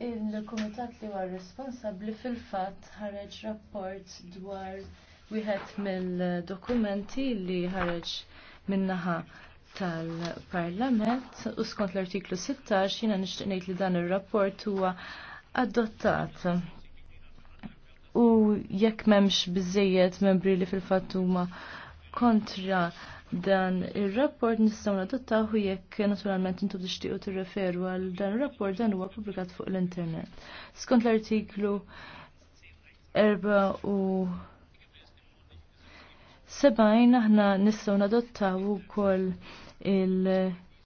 il-Kumitat li huwa responsabbli fil-fatt ħareġ rapport dwar wieħed mill-dokumenti li ħareġ min-naħa tal-Parlament u skont l-artiklu 16 jiena nixtieq ngħid li dan ir-rapport huwa adottat. U jekk m'hemmx biżejjed membri li fil-fatt huma kontra dan ir-rapport nistgħu nadottaw jekk naturalment intu tixtiequ tirreferu għal dan ir-rapport dan huwa pubblikat fuq l-internet. Skont l-artiklu 4 u 70 aħna nistgħu nadottaw ukoll il-